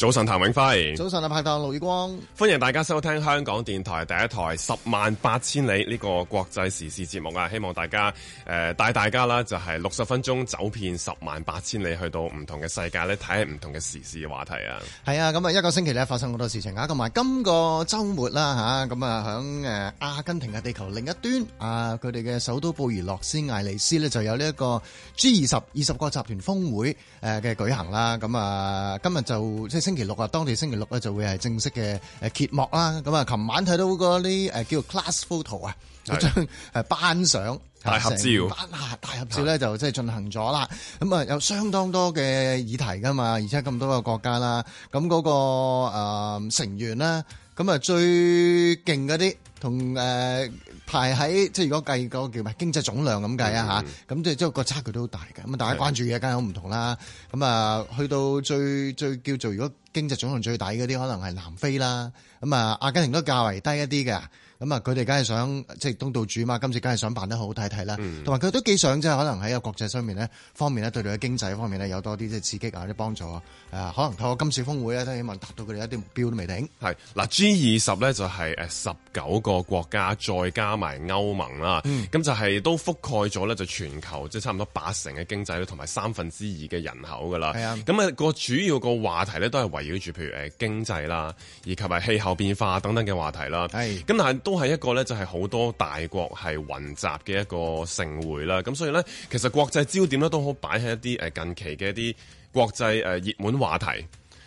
早晨，譚永輝。早晨啊，拍檔盧宇光。歡迎大家收聽香港電台第一台《十萬八千里》呢個國際時事節目啊！希望大家誒帶、呃、大家啦，就係六十分鐘走遍十萬八千里，去到唔同嘅世界咧，睇下唔同嘅時事嘅話題是啊！係啊，咁啊，一個星期咧發生好多事情啊！同埋今個週末啦吓，咁啊響誒阿根廷嘅地球另一端啊，佢哋嘅首都布宜諾斯艾利斯咧就有呢一個 G 二十二十國集團峰會誒嘅舉行啦。咁啊，今日就即係。星期六啊，當地星期六咧就會係正式嘅誒揭幕啦。咁啊，琴晚睇到嗰啲誒叫做 class photo 啊，嗰張誒班相。大合照，大合照咧就即係進行咗啦，咁啊有相當多嘅議題噶嘛，而且咁多個國家啦，咁、那、嗰個誒、呃、成員啦，咁啊最勁嗰啲同誒排喺即係如果計個叫咩經濟總量咁計啊吓，咁即係即係個差距都好大嘅，咁啊大家關注嘅梗好唔同啦，咁啊去到最最叫做如果經濟總量最底嗰啲，可能係南非啦，咁啊阿根廷都較為低一啲嘅。咁啊，佢哋梗係想即係東道主嘛，今次梗係想辦得好睇睇啦。同埋佢都幾想即係可能喺個個國際上面咧方面咧對佢嘅經濟方面咧有多啲即係刺激啊啲幫助啊誒可能透過今次峰會咧都希望達到佢哋一啲目標都未定。係嗱 G 二十咧就係誒十九個國家再加埋歐盟啦，咁、嗯、就係、是、都覆蓋咗咧就全球即係差唔多八成嘅經濟同埋三分之二嘅人口噶啦。啊，咁、那、啊個主要個話題咧都係圍繞住譬如誒經濟啦，以及係氣候變化等等嘅話題啦。咁，但都係一個呢，就係好多大國係雲集嘅一個盛會啦。咁所以呢，其實國際焦點呢都好擺喺一啲誒近期嘅一啲國際誒熱門話題。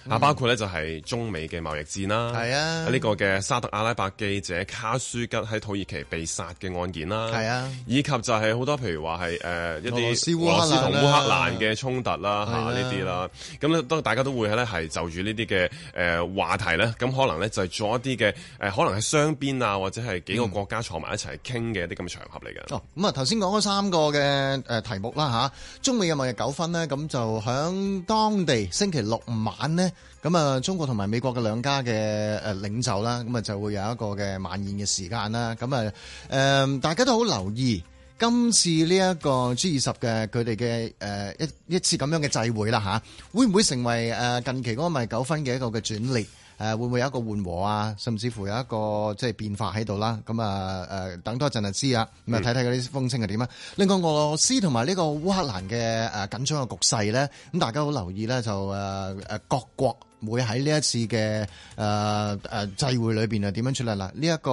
啊，包括咧就係中美嘅貿易戰啦，係啊，呢個嘅沙特阿拉伯記者卡舒吉喺土耳其被殺嘅案件啦，係啊，以及就係好多譬如話係誒一啲俄羅斯同烏克蘭嘅衝突啦，嚇呢啲啦，咁咧都大家都會咧係就住呢啲嘅誒話題咧，咁可能咧就係做一啲嘅誒，可能係雙邊啊，或者係幾個國家坐埋一齊傾嘅啲咁嘅場合嚟嘅，嗯。哦，咁啊頭先講嗰三個嘅誒題目啦嚇，中美嘅貿易糾紛咧，咁就響當地星期六晚咧。咁啊，中國同埋美國嘅兩家嘅誒領袖啦，咁啊就會有一個嘅晚宴嘅時間啦。咁啊，誒，大家都好留意今次呢一個 G 二十嘅佢哋嘅誒一一次咁樣嘅聚會啦吓，會唔會成為誒近期嗰個咪九分嘅一個嘅轉捩？誒、啊、會唔會有一個緩和啊？甚至乎有一個即係變化喺度啦。咁啊，啊，啊等多陣就知啊，咁啊睇睇嗰啲風聲係點啊。另外俄羅斯同埋呢個烏克蘭嘅誒、啊、緊張嘅局勢咧，咁、啊、大家好留意咧，就誒、啊啊、各國會喺呢一次嘅誒誒際會裏面處理、這個、啊點樣出嚟啦？呢一個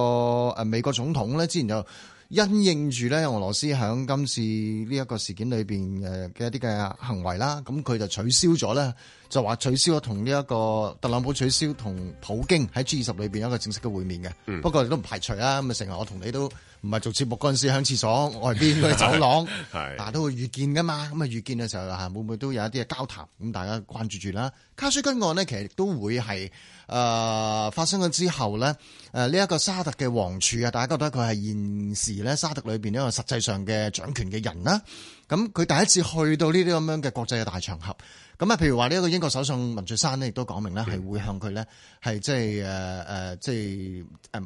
誒美國總統咧之前就。因應住咧，俄羅斯喺今次呢一個事件裏面嘅一啲嘅行為啦，咁佢就取消咗咧，就話取消咗同呢一個特朗普取消同普京喺 G 二十裏邊有一個正式嘅會面嘅、嗯。不過亦都唔排除啦，咁啊成日我同你都，唔係做節目嗰陣時，喺廁所外邊嘅走廊，啊 都會遇見噶嘛。咁啊遇見嘅時候嚇，會唔會都有一啲嘅交談？咁大家關注住啦。卡舒金案呢，其實亦都會係誒、呃、發生咗之後咧，誒呢一個沙特嘅王儲啊，大家覺得佢係現時咧沙特裏邊一個實際上嘅掌權嘅人啦。咁佢第一次去到呢啲咁樣嘅國際嘅大場合，咁啊，譬如話呢一個英國首相文翠珊呢，亦都講明咧係會向佢咧係即係誒誒即係誒。呃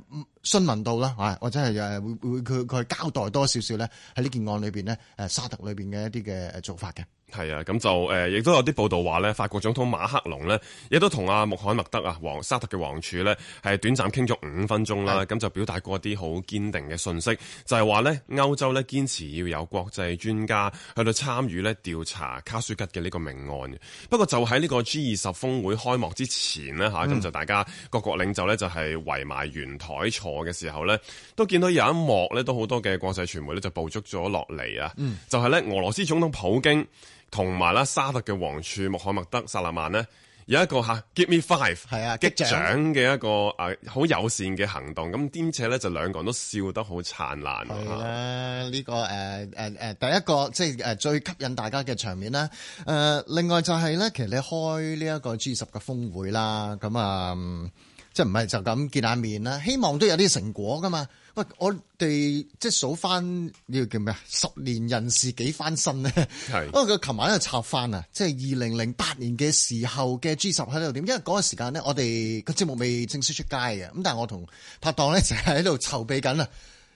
詢問到啦，啊，或者係誒會會佢佢交代多少少咧喺呢件案裏面呢，沙特裏面嘅一啲嘅做法嘅。係啊，咁就誒亦都有啲報道話呢，法國總統馬克龍呢，亦都同阿穆罕默德啊沙特嘅王儲呢，係短暫傾咗五分鐘啦，咁就表達過一啲好堅定嘅信息，就係話呢，歐洲呢，堅持要有國際專家去到參與呢調查卡舒吉嘅呢個命案。不過就喺呢個 G 二十峰會開幕之前呢，吓、嗯，咁就大家各國領袖呢，就係圍埋圓台坐。嘅時候咧，都見到有一幕咧，都好多嘅國際傳媒咧就捕捉咗落嚟啊！就係、是、咧俄羅斯總統普京同埋啦沙特嘅王儲穆罕默德薩勒曼咧有一個吓 give me five 係啊擊掌嘅一個誒好、呃、友善嘅行動，咁兼且咧就兩個人都笑得好燦爛啊！係、這、啦、個，呢個誒誒誒，第一個即係誒最吸引大家嘅場面啦。誒、呃，另外就係、是、咧，其實你開呢一個 G20 嘅峰會啦，咁啊。呃即係唔係就咁見下面啦？希望都有啲成果噶嘛。喂，我哋即係數翻呢個叫咩啊？十年人事幾翻身咧？因為佢琴晚喺度插翻啊，即係二零零八年嘅時候嘅 G 十喺度點？因為嗰個時間咧，我哋個節目未正式出街嘅。咁但係我同拍檔咧就係喺度籌備緊啊，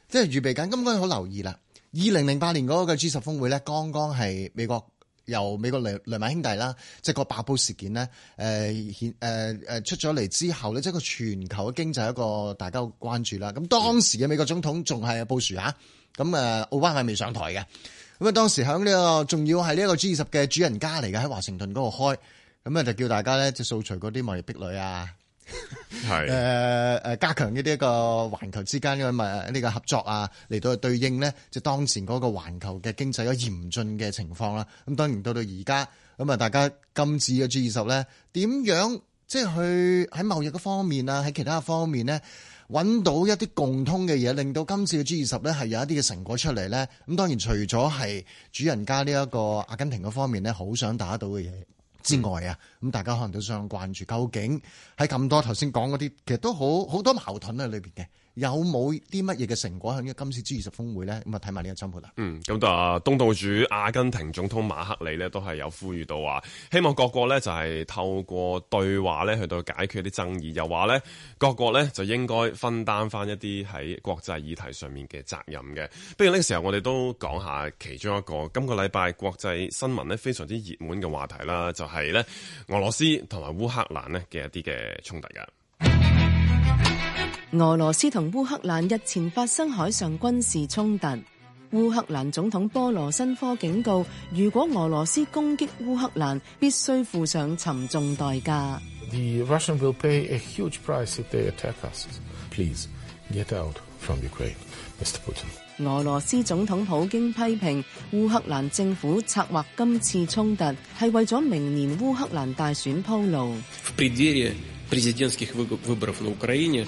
即係預備緊。咁我好留意啦。二零零八年嗰個 G 十峰會咧，剛剛係美國。由美國雷雷曼兄弟啦，即個爆煲事件咧，誒出咗嚟之後咧，即個全球嘅經濟一個大家關注啦。咁當時嘅美國總統仲係布殊下，咁誒奧巴馬未上台嘅。咁啊當時喺呢、這個仲要係呢一個 G 二十嘅主人家嚟嘅，喺華盛頓嗰度開，咁啊就叫大家咧就掃除嗰啲貿易壁壘啊。係誒誒，加強呢啲一個環球之間嘅呢個合作啊，嚟到去對應咧，即係當前嗰個環球嘅經濟有嚴峻嘅情況啦。咁當然到到而家，咁啊，大家今次嘅 G 二十咧，點樣即係去喺貿易嘅方面啊，喺其他方面咧，揾到一啲共通嘅嘢，令到今次嘅 G 二十咧係有一啲嘅成果出嚟咧。咁當然除咗係主人家呢一個阿根廷嗰方面咧，好想打到嘅嘢。之外啊，咁、嗯、大家可能都想關注，究竟喺咁多頭先講嗰啲，其實都好好多矛盾喺裏邊嘅。有冇啲乜嘢嘅成果響呢今次 G 二十峰會咧？咁啊，睇埋呢個新聞啦。嗯，咁啊，東道主阿根廷總統馬克里呢，都係有呼籲到話，希望各國呢就係透過對話呢去到解決啲爭議，又話呢，各國呢就應該分擔翻一啲喺國際議題上面嘅責任嘅。不如呢個時候，我哋都講下其中一個今個禮拜國際新聞呢非常之熱門嘅話題啦，就係呢俄羅斯同埋烏克蘭呢嘅一啲嘅衝突嘅。俄羅斯同烏克蘭日前發生海上軍事衝突，烏克蘭總統波羅申科警告，如果俄羅斯攻擊烏克蘭，必須付上沉重代價。Ukraine，俄羅斯總統普京批評烏克蘭政府策劃今次衝突係為咗明年烏克蘭大選鋪路。英文英文英文英文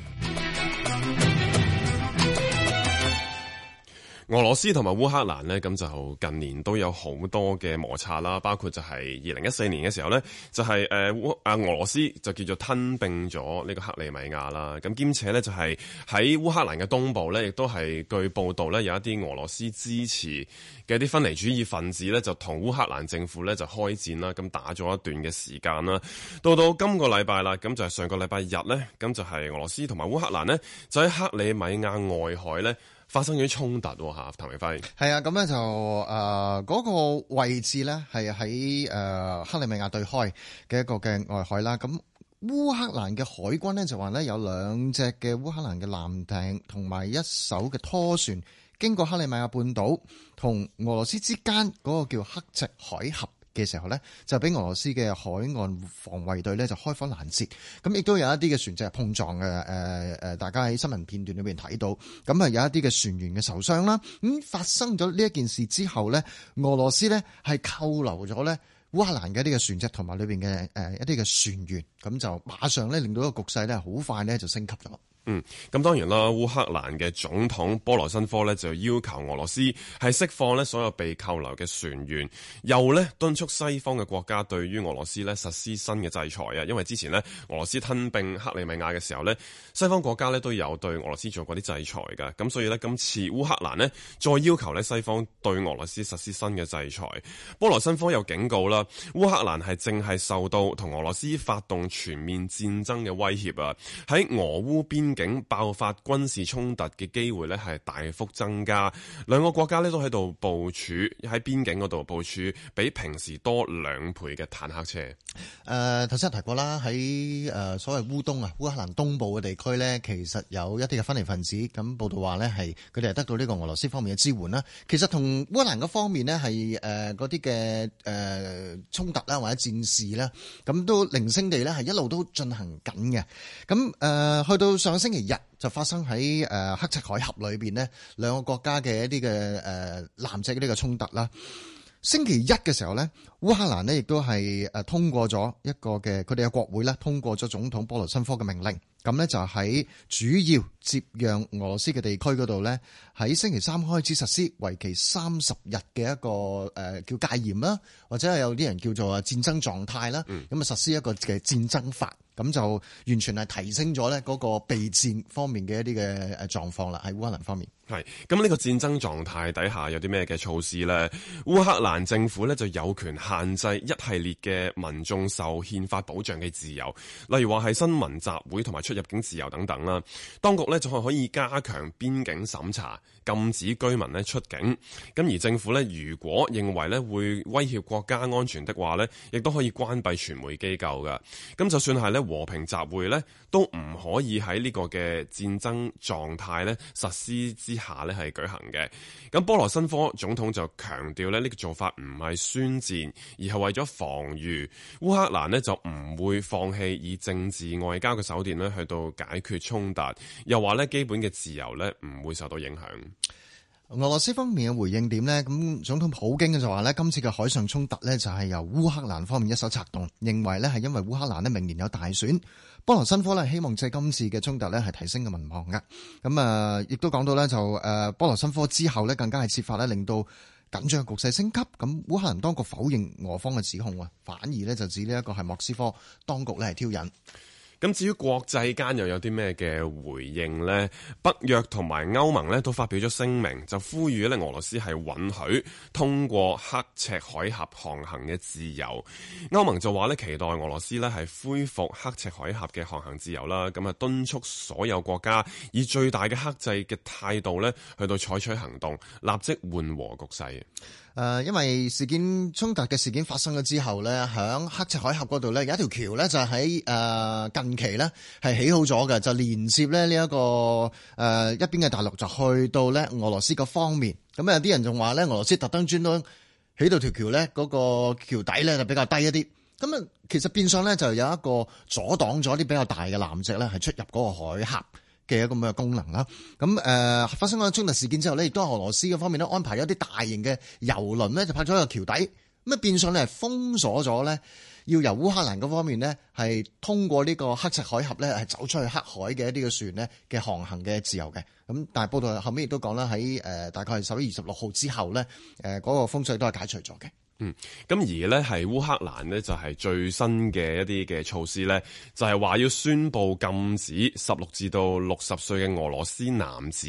俄羅斯同埋烏克蘭呢，咁就近年都有好多嘅摩擦啦，包括就係二零一四年嘅時候呢，就係誒烏阿俄羅斯就叫做吞併咗呢個克里米亞啦，咁兼且呢，就係喺烏克蘭嘅東部呢，亦都係據報道呢，有一啲俄羅斯支持嘅啲分離主義分子呢，就同烏克蘭政府呢就開戰啦，咁打咗一段嘅時間啦，到到今個禮拜啦，咁就係上個禮拜日呢，咁就係俄羅斯同埋烏克蘭呢，就喺克里米亞外海呢。發生咗啲衝突喎嚇，譚偉輝。係啊，咁咧、啊、就誒嗰、呃那個位置咧係喺誒克里米亞對開嘅一個嘅外海啦。咁烏克蘭嘅海軍咧就話咧有兩隻嘅烏克蘭嘅艦艇同埋一艘嘅拖船經過克里米亞半島同俄羅斯之間嗰個叫刻赤海峽。嘅時候咧，就俾俄羅斯嘅海岸防衛隊咧就開火攔截，咁亦都有一啲嘅船隻係碰撞嘅，誒、呃、誒，大家喺新聞片段裏邊睇到，咁啊有一啲嘅船員嘅受傷啦，咁發生咗呢一件事之後咧，俄羅斯咧係扣留咗咧烏克蘭嘅一啲嘅船隻同埋裏邊嘅誒一啲嘅船員，咁就馬上咧令到個局勢咧好快咧就升級咗。嗯，咁當然啦，烏克蘭嘅總統波羅申科呢，就要求俄羅斯係釋放呢所有被扣留嘅船員，又呢敦促西方嘅國家對於俄羅斯呢實施新嘅制裁啊！因為之前呢俄羅斯吞併克里米亞嘅時候呢，西方國家呢都有對俄羅斯做過啲制裁嘅，咁所以呢，今次烏克蘭呢，再要求呢西方對俄羅斯實施新嘅制裁。波羅申科又警告啦，烏克蘭係淨係受到同俄羅斯發動全面戰爭嘅威脅啊！喺俄烏邊。邊境爆發軍事衝突嘅機會咧，係大幅增加。兩個國家咧都喺度部署，喺邊境嗰度部署，比平時多兩倍嘅坦克車。誒、呃，頭先提過啦，喺誒所謂烏東，啊，烏克蘭東部嘅地區呢，其實有一啲嘅分離分子。咁報道話呢，係佢哋係得到呢個俄羅斯方面嘅支援啦。其實同烏克蘭嗰方面呢，係誒嗰啲嘅誒衝突啦，或者戰事咧，咁都零星地呢，係一路都進行緊嘅。咁誒，去到上星期日就發生喺誒黑赤海峽裏邊咧，兩個國家嘅一啲嘅誒藍色呢個衝突啦。星期一嘅時候咧，烏克蘭咧亦都係誒通過咗一個嘅佢哋嘅國會咧通過咗總統波羅申科嘅命令，咁咧就喺主要接壤俄羅斯嘅地區嗰度咧，喺星期三開始實施，為期三十日嘅一個誒叫戒嚴啦，或者係有啲人叫做啊戰爭狀態啦，咁啊實施一個嘅戰爭法，咁就完全係提升咗咧嗰個備戰方面嘅一啲嘅誒狀況啦，喺烏克蘭方面。係咁呢個戰爭狀態底下有啲咩嘅措施呢？烏克蘭政府呢就有權限制一系列嘅民眾受憲法保障嘅自由，例如話係新聞集會同埋出入境自由等等啦。當局呢仲係可以加強邊境審查，禁止居民出境，咁而政府如果認為會威脅國家安全的話，亦都可以關閉傳媒機構。咁就算係和平集會，都唔可以喺呢個嘅戰爭狀態實施之下咧係舉行嘅。咁波羅申科總統就強調咧呢個做法唔係宣戰，而係為咗防禦。烏克蘭就唔會放棄以政治外交嘅手段去到解決衝突，又話基本嘅自由咧唔會受到影響。俄羅斯方面嘅回應點呢，咁總統普京就話呢今次嘅海上衝突呢，就係由烏克蘭方面一手策動，認為呢係因為烏克蘭呢明年有大選，波羅申科呢，希望借今次嘅衝突呢，係提升嘅民望嘅。咁啊，亦都講到呢，就誒，波羅申科之後呢，更加係設法呢，令到緊張局勢升級。咁烏克蘭當局否認俄方嘅指控啊，反而呢，就指呢一個係莫斯科當局呢係挑釁。咁至於國際間又有啲咩嘅回應呢？北約同埋歐盟呢都發表咗聲明，就呼籲咧俄羅斯係允許通過刻赤海峽航行嘅自由。歐盟就話呢期待俄羅斯呢係恢復刻赤海峽嘅航行自由啦。咁啊敦促所有國家以最大嘅克制嘅態度呢去到採取行動，立即緩和局勢。誒，因為事件衝突嘅事件發生咗之後咧，響黑赤海峽嗰度咧，有一條橋咧就喺誒、呃、近期咧係起好咗嘅，就連接咧、這、呢、個呃、一個誒一邊嘅大陸就去到咧俄羅斯嗰方面。咁有啲人仲話咧，俄羅斯特登專登起到條橋咧，嗰個橋底咧就比較低一啲。咁啊，其實變相咧就有一個阻擋咗啲比較大嘅艦隻咧係出入嗰個海峽。嘅一個咁嘅功能啦，咁誒發生咗個衝突事件之後咧，亦都係俄羅斯嗰方面咧安排一啲大型嘅遊輪咧，就泊咗一個橋底，咁啊變相咧係封鎖咗咧，要由烏克蘭嗰方面咧係通過呢個黑赤海峽咧係走出去黑海嘅一啲嘅船咧嘅航行嘅自由嘅，咁但係報道後面亦都講啦，喺誒大概係十一月二十六號之後咧，誒、那、嗰個風水都係解除咗嘅。嗯，咁而咧係烏克蘭咧就係、是、最新嘅一啲嘅措施咧，就係、是、話要宣布禁止十六至到六十歲嘅俄羅斯男子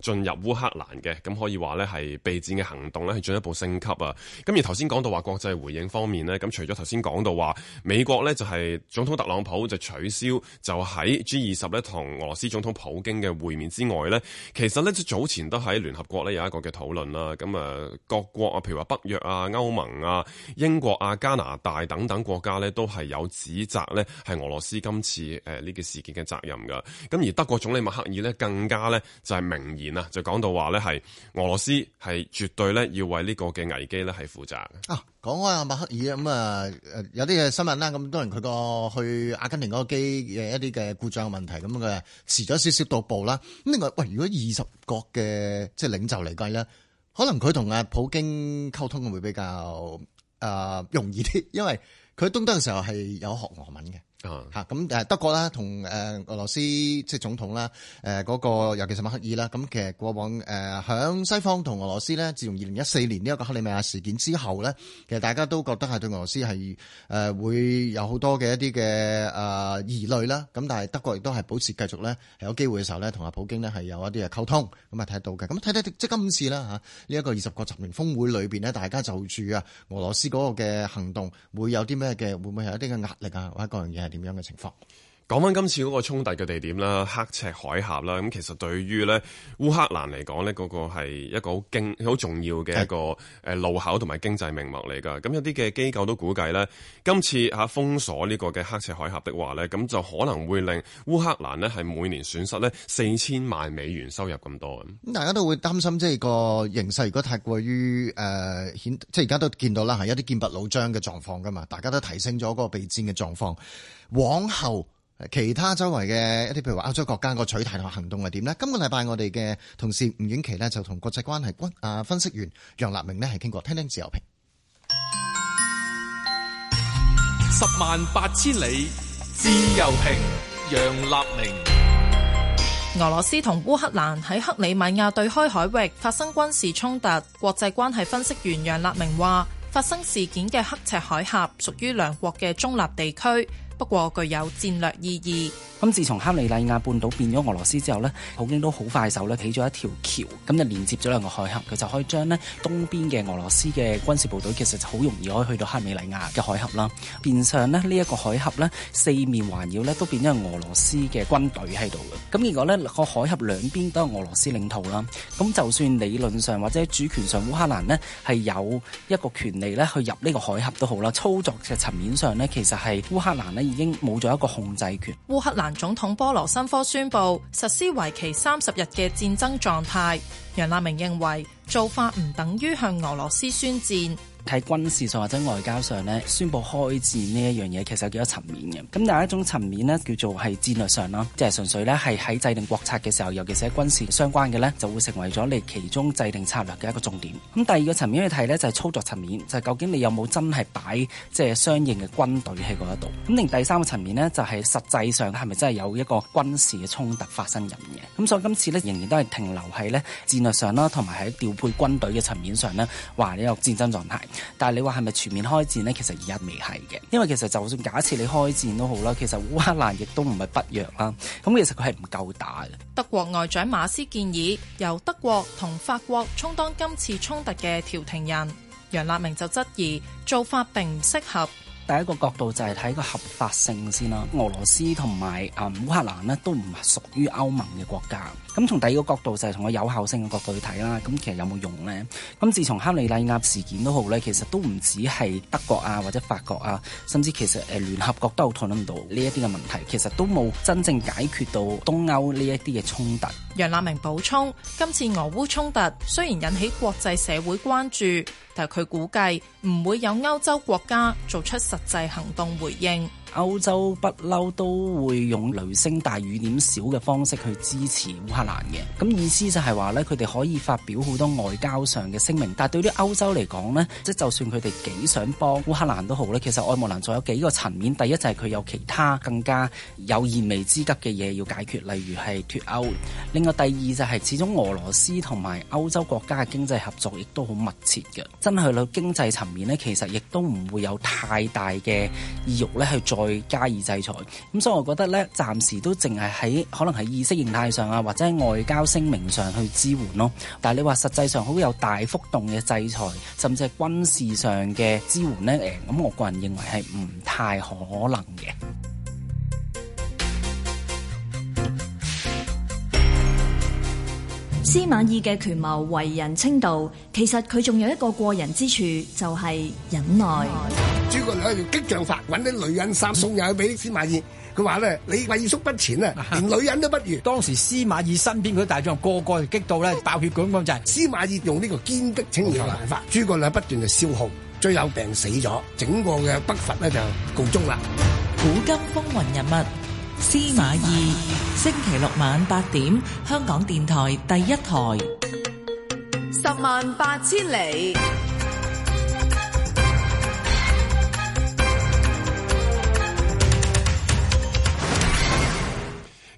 進入烏克蘭嘅，咁可以話咧係備戰嘅行動咧係進一步升級啊。咁而頭先講到話國際回應方面咧，咁除咗頭先講到話美國咧就係、是、總統特朗普就取消就喺 G 二十咧同俄羅斯總統普京嘅會面之外咧，其實咧早前都喺聯合國咧有一個嘅討論啦，咁啊各國啊，譬如話北約啊、歐盟。啊！英國啊、加拿大等等國家咧，都係有指責呢係俄羅斯今次誒呢個事件嘅責任噶。咁而德國總理默克爾呢，更加呢就係明言啦，就講到話呢係俄羅斯係絕對呢要為呢個嘅危機呢係負責嘅啊，講開阿默克爾咁啊、嗯，有啲嘅新聞啦，咁當然佢個去阿根廷嗰個機嘅一啲嘅故障問題，咁佢遲咗少少到步啦。咁另外，喂，如果二十國嘅即係領袖嚟計呢。可能佢同阿普京溝通會比較誒、呃、容易啲，因為佢喺東德嘅時候係有學俄文嘅。吓咁，誒德國啦，同誒俄羅斯即係總統啦，誒嗰個尤其是馬克爾啦，咁其實過往誒響西方同俄羅斯呢，自從二零一四年呢一個克里米亞事件之後呢，其實大家都覺得係對俄羅斯係誒會有好多嘅一啲嘅誒疑慮啦。咁但係德國亦都係保持繼續呢，係有機會嘅時候呢，同阿普京呢係有一啲嘅溝通，咁啊睇到嘅。咁睇睇即係今次啦，吓呢一個二十國集團峰會裏邊呢，大家就住啊俄羅斯嗰個嘅行動會有啲咩嘅會唔會係一啲嘅壓力啊？或者各樣嘢？點樣嘅情況？講翻今次嗰個衝突嘅地點啦，刻赤海峽啦，咁其實對於咧烏克蘭嚟講呢，嗰個係一個好經好重要嘅一個誒路口同埋經濟命脈嚟噶。咁有啲嘅機構都估計咧，今次吓封鎖呢個嘅刻赤海峽的話呢，咁就可能會令烏克蘭呢係每年損失呢四千萬美元收入咁多。咁大家都會擔心，即係個形勢如果太過於誒顯，即係而家都見到啦，係一啲劍拔弩張嘅狀況噶嘛，大家都提升咗嗰個備戰嘅狀況，往後。其他周圍嘅一啲，譬如話歐洲國家個取態同行動係點呢？今個禮拜我哋嘅同事吳婉琪呢，就同國際關係軍啊分析員楊立明呢，係傾過，聽聽自由評。十萬八千里自由評，楊立明。俄羅斯同烏克蘭喺克里米亞對開海域發生軍事衝突，國際關係分析員楊立明話，發生事件嘅刻赤海峽屬於兩國嘅中立地區，不過具有戰略意義。咁自從克里米亞半島變咗俄羅斯之後呢，普京都好快手咧起咗一條橋，咁就連接咗兩個海峽，佢就可以將呢東邊嘅俄羅斯嘅軍事部隊其實好容易可以去到克里米亞嘅海峽啦。變相呢呢一個海峽呢四面環繞呢都變咗俄羅斯嘅軍隊喺度嘅。咁結果呢個海峽兩邊都係俄羅斯領土啦。咁就算理論上或者主權上烏克蘭呢係有一個權利呢去入呢個海峽都好啦，操作嘅層面上呢其實係烏克蘭已經冇咗一個控制權。烏克蘭總統波羅申科宣布實施為期三十日嘅戰爭狀態。楊立明認為，做法唔等於向俄羅斯宣戰。喺軍事上或者外交上咧，宣布開戰呢一樣嘢其實有幾多層面嘅。咁第一種層面咧叫做係戰略上啦，即係純粹咧係喺制定國策嘅時候，尤其是喺軍事相關嘅咧，就會成為咗你其中制定策略嘅一個重點。咁第二個層面去睇咧就係、是、操作層面，就係、是、究竟你有冇真係擺即係相應嘅軍隊喺嗰一度。咁定第三個層面咧就係、是、實際上係咪真係有一個軍事嘅衝突發生人嘅？咁所以今次咧仍然都係停留喺咧戰略上啦，同埋喺調配軍隊嘅層面上咧話呢有戰爭狀態。但係你話係咪全面開戰呢？其實而家未係嘅，因為其實就算假設你開戰都好啦，其實烏克蘭亦都唔係不弱啦，咁其實佢係唔夠打嘅。德國外長馬斯建議由德國同法國充當今次衝突嘅調停人，楊立明就質疑做法並唔適合。第一個角度就係睇個合法性先啦，俄羅斯同埋啊烏克蘭呢都唔屬於歐盟嘅國家。咁從第二個角度就係從個有效性嘅角度去睇啦。咁其實有冇用呢？咁自從克里米亞事件都好呢，其實都唔止係德國啊或者法國啊，甚至其實誒聯合國都有討論到呢一啲嘅問題，其實都冇真正解決到東歐呢一啲嘅衝突。楊立明補充，今次俄烏衝突雖然引起國際社會關注，但佢估計唔會有歐洲國家做出實際行動回應。歐洲不嬲都會用雷聲大雨點小嘅方式去支持烏克蘭嘅，咁意思就係話呢，佢哋可以發表好多外交上嘅聲明，但對於歐洲嚟講呢，即就算佢哋幾想幫烏克蘭都好呢，其實愛莫能助。有幾個層面，第一就係佢有其他更加有燃眉之急嘅嘢要解決，例如係脱歐。另外第二就係始終俄羅斯同埋歐洲國家嘅經濟合作亦都好密切嘅，真係去到經濟層面呢，其實亦都唔會有太大嘅意欲咧去做外加以制裁，咁所以我覺得咧，暫時都淨係喺可能喺意識形態上啊，或者喺外交聲明上去支援咯。但係你話實際上好有大幅度嘅制裁，甚至係軍事上嘅支援咧，誒，咁我個人認為係唔太可能嘅。司馬懿嘅權謀為人稱道，其實佢仲有一個過人之處，就係、是、忍耐。諸葛亮用激將法揾啲女人衫送入去俾司馬懿，佢話咧，你畏縮不前啊，連女人都不如。啊啊、當時司馬懿身邊嗰啲大將個個激到咧、啊、爆血管嗰陣，司馬懿用呢個堅壁清野嘅辦法，諸、okay, 葛亮不斷就消耗，最後病死咗，整個嘅北伐咧就告終啦。古今風雲人物。司馬懿，星期六晚八點，香港電台第一台。十萬八千里，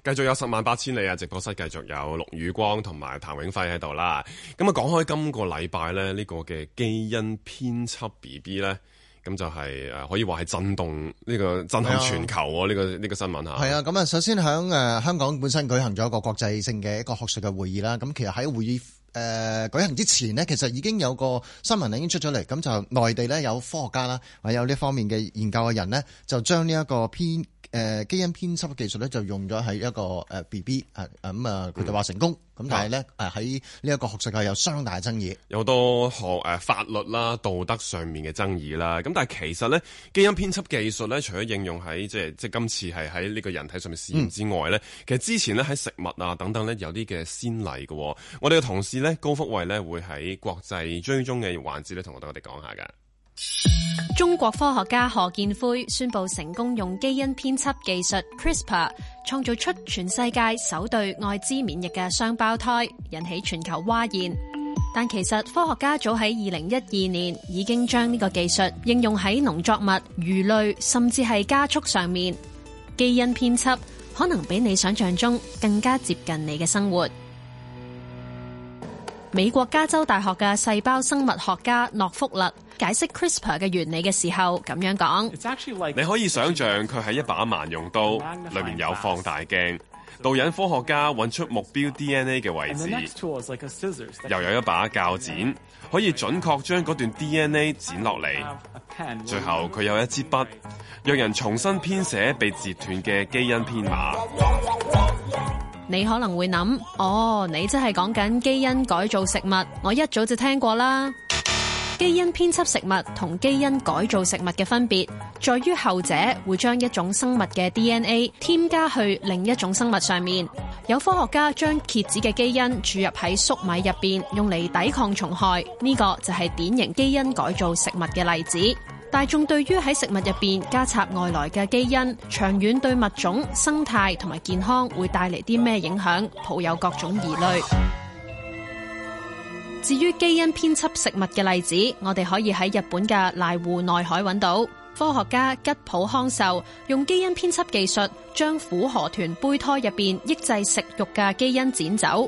繼續有十萬八千里啊！直播室繼續有陸雨光同埋譚永輝喺度啦。咁啊，講開今個禮拜咧，呢個嘅基因編輯 B B 咧。咁就係、是、誒，可以話係震動呢、這個震撼全球喎。呢、啊這個呢、這個新聞吓，係啊！咁啊，首先響誒、呃、香港本身舉行咗一個國際性嘅一個學術嘅會議啦。咁其實喺會議誒、呃、舉行之前呢，其實已經有個新聞已經出咗嚟，咁就內地咧有科學家啦，或者有呢方面嘅研究嘅人呢，就將呢一個篇。誒，基因編輯技術咧就用咗喺一個誒 B B 啊，咁啊佢哋話成功，咁、嗯、但係咧誒喺呢一個學術界有相大爭議，有好多學誒法律啦、道德上面嘅爭議啦，咁但係其實咧基因編輯技術咧除咗應用喺即係即係今次係喺呢個人體上面試驗之外咧、嗯，其實之前咧喺食物啊等等咧有啲嘅先例嘅，我哋嘅同事咧高福慧咧會喺國際追蹤嘅環節咧同我哋我哋講下噶。中國科學家何建輝宣布成功用基因編輯技術 CRISPR 創造出全世界首對愛滋免疫嘅雙胞胎，引起全球嘩然。但其實科學家早喺二零一二年已經將呢個技術應用喺農作物、魚類，甚至係加速上面。基因編輯可能比你想象中更加接近你嘅生活。美國加州大學嘅細胞生物學家諾福勒解釋 CRISPR 嘅原理嘅時候，這說，咁樣講，你可以想像佢係一把萬用刀，裏面有放大鏡，導引科學家揾出目標 DNA 嘅位置，like、scissors, 又有一把鉸剪，可以準確將嗰段 DNA 剪落嚟。You... 最後佢有一支筆，讓人重新編寫被截斷嘅基因編碼。Yeah. Yeah. Yeah. Yeah. Yeah. Yeah. Yeah. 你可能會諗，哦，你真係講緊基因改造食物，我一早就聽過啦。基因編輯食物同基因改造食物嘅分別，在於後者會將一種生物嘅 DNA 添加去另一種生物上面。有科學家將蠍子嘅基因注入喺粟米入邊，用嚟抵抗蟲害，呢個就係典型基因改造食物嘅例子。大眾對於喺食物入邊加插外來嘅基因，長遠對物種、生態同埋健康會帶嚟啲咩影響，抱有各種疑慮。 至於基因編輯食物嘅例子，我哋可以喺日本嘅瀨戶內海揾到，科學家吉普康壽用基因編輯技術將虎河豚胚胎入邊抑制食肉嘅基因剪走。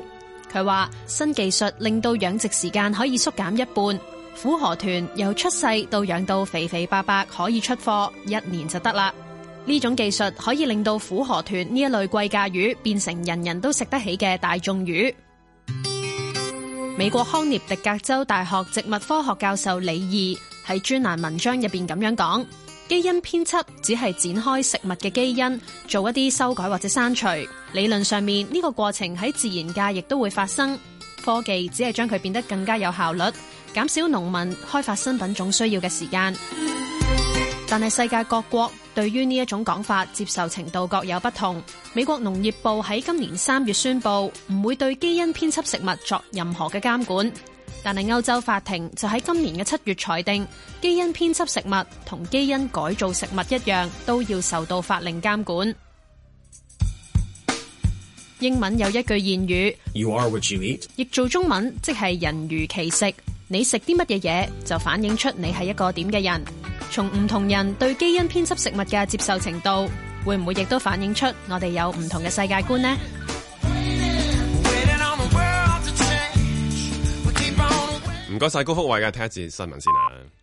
佢話新技術令到養殖時間可以縮減一半。虎河豚由出世到養到肥肥白白可以出貨，一年就得啦。呢種技術可以令到虎河豚呢一類貴價魚變成人人都食得起嘅大眾魚。美國康涅狄格州大學植物科學教授李義喺專欄文章入邊咁樣講：基因編輯只係展開食物嘅基因做一啲修改或者刪除，理論上面呢個過程喺自然界亦都會發生，科技只係將佢變得更加有效率。減少農民開發新品種需要嘅時間，但係世界各國對於呢一種講法接受程度各有不同。美國農業部喺今年三月宣布唔會對基因編輯食物作任何嘅監管，但係歐洲法庭就喺今年嘅七月裁定，基因編輯食物同基因改造食物一樣都要受到法令監管。英文有一句諺語，You are what you eat，譯做中文即係人如其食。你食啲乜嘢嘢，就反映出你係一個點嘅人。從唔同人對基因編輯食物嘅接受程度，會唔會亦都反映出我哋有唔同嘅世界觀呢？唔該晒高福慧，嘅聽一節新聞先啊。